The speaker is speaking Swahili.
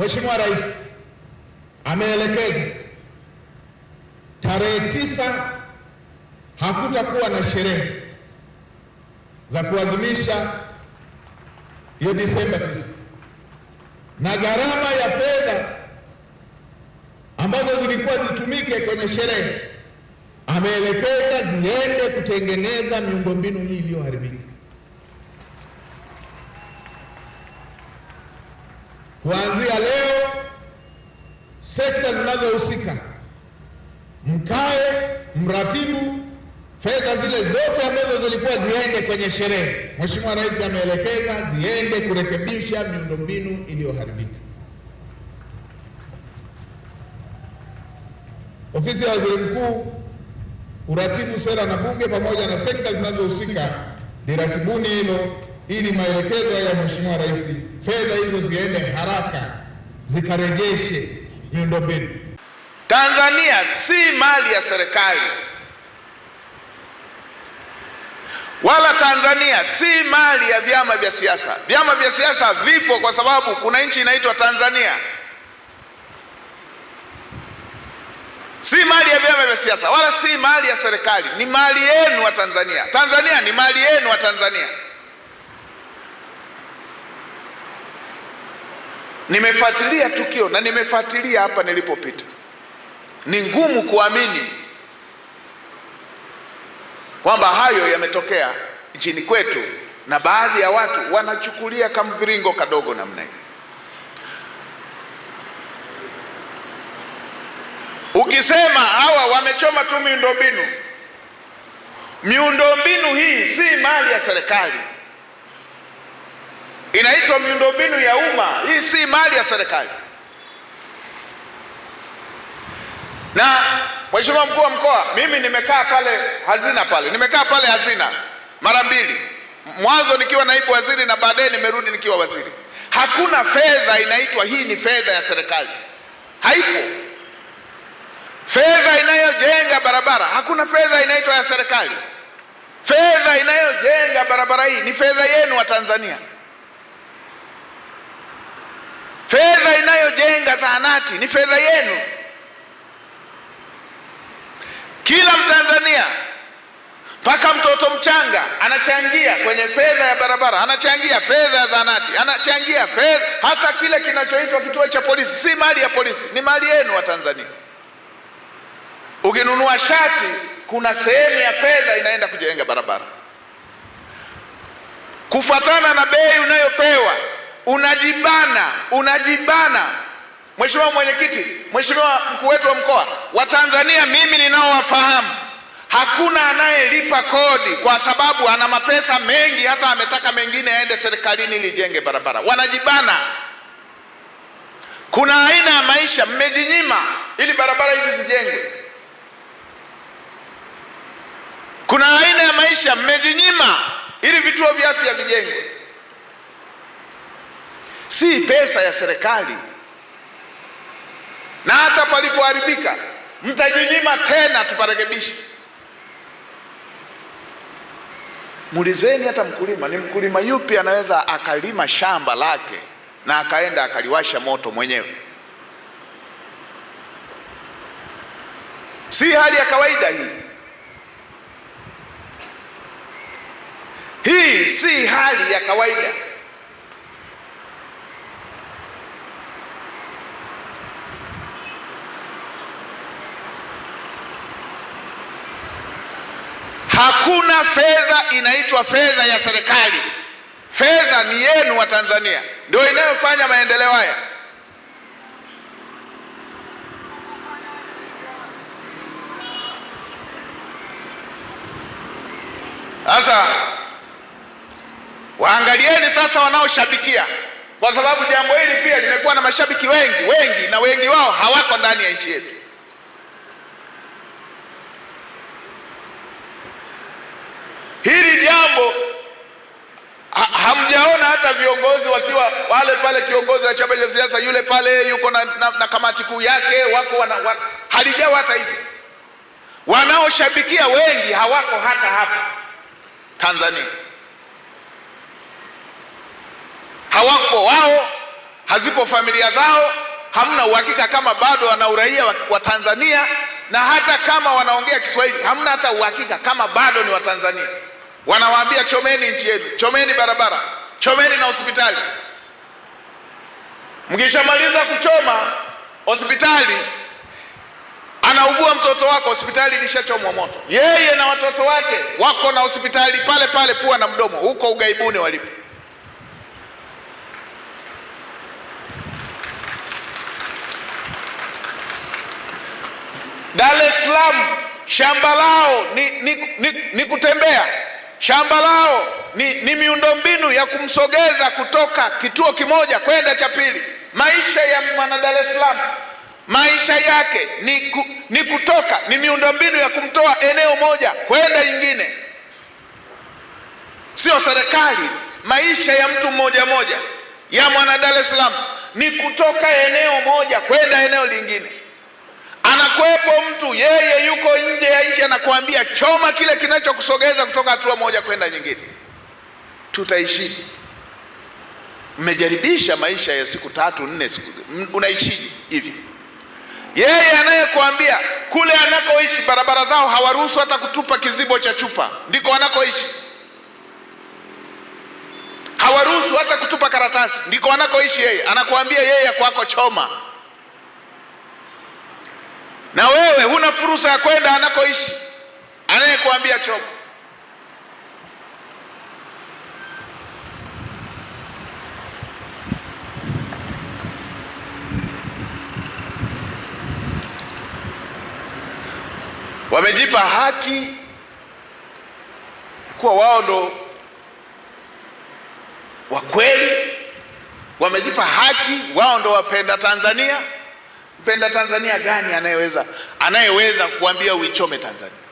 Mheshimiwa Rais ameelekeza tarehe tisa hakutakuwa na sherehe za kuadhimisha hiyo Disemba tisa, na gharama ya fedha ambazo zilikuwa zitumike kwenye sherehe ameelekeza ziende kutengeneza miundombinu hii iliyoharibika. Kuanzia leo sekta zinazohusika mkae mratibu fedha zile zote ambazo zilikuwa ziende kwenye sherehe. Mheshimiwa Rais ameelekeza ziende kurekebisha miundombinu iliyoharibika. Ofisi ya Waziri Mkuu, uratibu sera na Bunge pamoja na sekta zinazohusika, liratibuni hilo. Hii ni maelekezo ya Mheshimiwa Rais, fedha hizo ziende haraka zikarejeshe miundombinu. Tanzania si mali ya serikali, wala Tanzania si mali ya vyama vya siasa. Vyama vya siasa vipo kwa sababu kuna nchi inaitwa Tanzania. Si mali ya vyama vya siasa wala si mali ya serikali, ni mali yenu wa Tanzania. Tanzania ni mali yenu wa Tanzania. Nimefuatilia tukio na nimefuatilia hapa nilipopita. Ni ngumu kuamini kwamba hayo yametokea nchini kwetu, na baadhi ya watu wanachukulia kama kadogo namna hiyo. Ukisema hawa wamechoma tu miundombinu, miundombinu hii si mali ya serikali inaitwa miundombinu ya umma. Hii si mali ya serikali. Na mheshimiwa mkuu wa mkoa, mimi nimekaa pale hazina, pale nimekaa pale hazina mara mbili, mwanzo nikiwa naibu waziri na baadaye nimerudi nikiwa waziri. Hakuna fedha inaitwa hii ni fedha ya serikali, haipo fedha inayojenga barabara. Hakuna fedha inaitwa ya serikali. Fedha inayojenga barabara hii ni fedha yenu wa Tanzania. mliojenga zahanati ni fedha yenu. Kila Mtanzania mpaka mtoto mchanga anachangia kwenye fedha ya barabara, anachangia fedha ya zahanati, anachangia fedha hata kile kinachoitwa kituo cha polisi. Si mali ya polisi, ni mali yenu wa Tanzania. Ukinunua shati, kuna sehemu ya fedha inaenda kujenga barabara. Kufuatana na bei unayopewa unajibana, unajibana Mheshimiwa Mwenyekiti, Mheshimiwa mkuu wetu wa mkoa, Watanzania mimi ninaowafahamu, hakuna anayelipa kodi kwa sababu ana mapesa mengi, hata ametaka mengine aende serikalini ili ijenge barabara, wanajibana. Kuna aina ya maisha mmejinyima ili barabara hizi zijengwe. Kuna aina ya maisha mmejinyima ili vituo vya afya vijengwe, si pesa ya serikali palipoharibika, mtajinyima tena tuparekebishe. Muulizeni hata mkulima, ni mkulima yupi anaweza akalima shamba lake na akaenda akaliwasha moto mwenyewe? Si hali ya kawaida hii. Hii si hali ya kawaida. Hakuna fedha inaitwa fedha ya serikali. Fedha ni yenu wa Tanzania, ndio inayofanya maendeleo haya. Sasa waangalieni sasa wanaoshabikia, kwa sababu jambo hili pia limekuwa na mashabiki wengi wengi, na wengi wao hawako ndani ya nchi yetu. Mtaona hata viongozi wakiwa wale pale, kiongozi wa chama cha siasa yule pale yuko na, na, na kamati kuu yake wako wana, wana, halijawa hata hivi. Wanaoshabikia wengi hawako hata hapa Tanzania, hawako wao, hazipo familia zao, hamna uhakika kama bado wana uraia wa, wa Tanzania na hata kama wanaongea Kiswahili hamna hata uhakika kama bado ni Watanzania. Wanawaambia chomeni nchi yenu, chomeni barabara chomeni na hospitali. Mkishamaliza kuchoma hospitali, anaugua mtoto wako, hospitali ilishachomwa moto, yeye na watoto wake wako na hospitali pale pale, pua na mdomo, huko ugaibuni walipo. Dar es Salaam shamba lao ni, ni, ni, ni kutembea shamba lao ni, ni miundombinu ya kumsogeza kutoka kituo kimoja kwenda cha pili. Maisha ya mwana Dar es Salaam, maisha yake ni, ku, ni kutoka ni miundombinu ya kumtoa eneo moja kwenda nyingine, sio serikali. Maisha ya mtu mmoja moja ya mwana Dar es Salaam ni kutoka eneo moja kwenda eneo lingine, anakuwepo mtu yeye nje ya nchi anakuambia choma kile kinachokusogeza kutoka hatua moja kwenda nyingine, tutaishi. Mmejaribisha maisha ya siku tatu nne, siku unaishije hivi? Yeye anayekuambia kule anakoishi barabara zao hawaruhusu hata kutupa kizibo cha chupa, ndiko anakoishi Hawaruhusu hata kutupa karatasi, ndiko anakoishi Yeye anakuambia yeye kwako choma na wewe huna fursa ya kwenda anakoishi anayekuambia choma. Wamejipa haki kuwa wao ndo wa kweli, wamejipa haki wao ndo wapenda Tanzania. Mpenda Tanzania gani anayeweza anayeweza kuambia uichome Tanzania?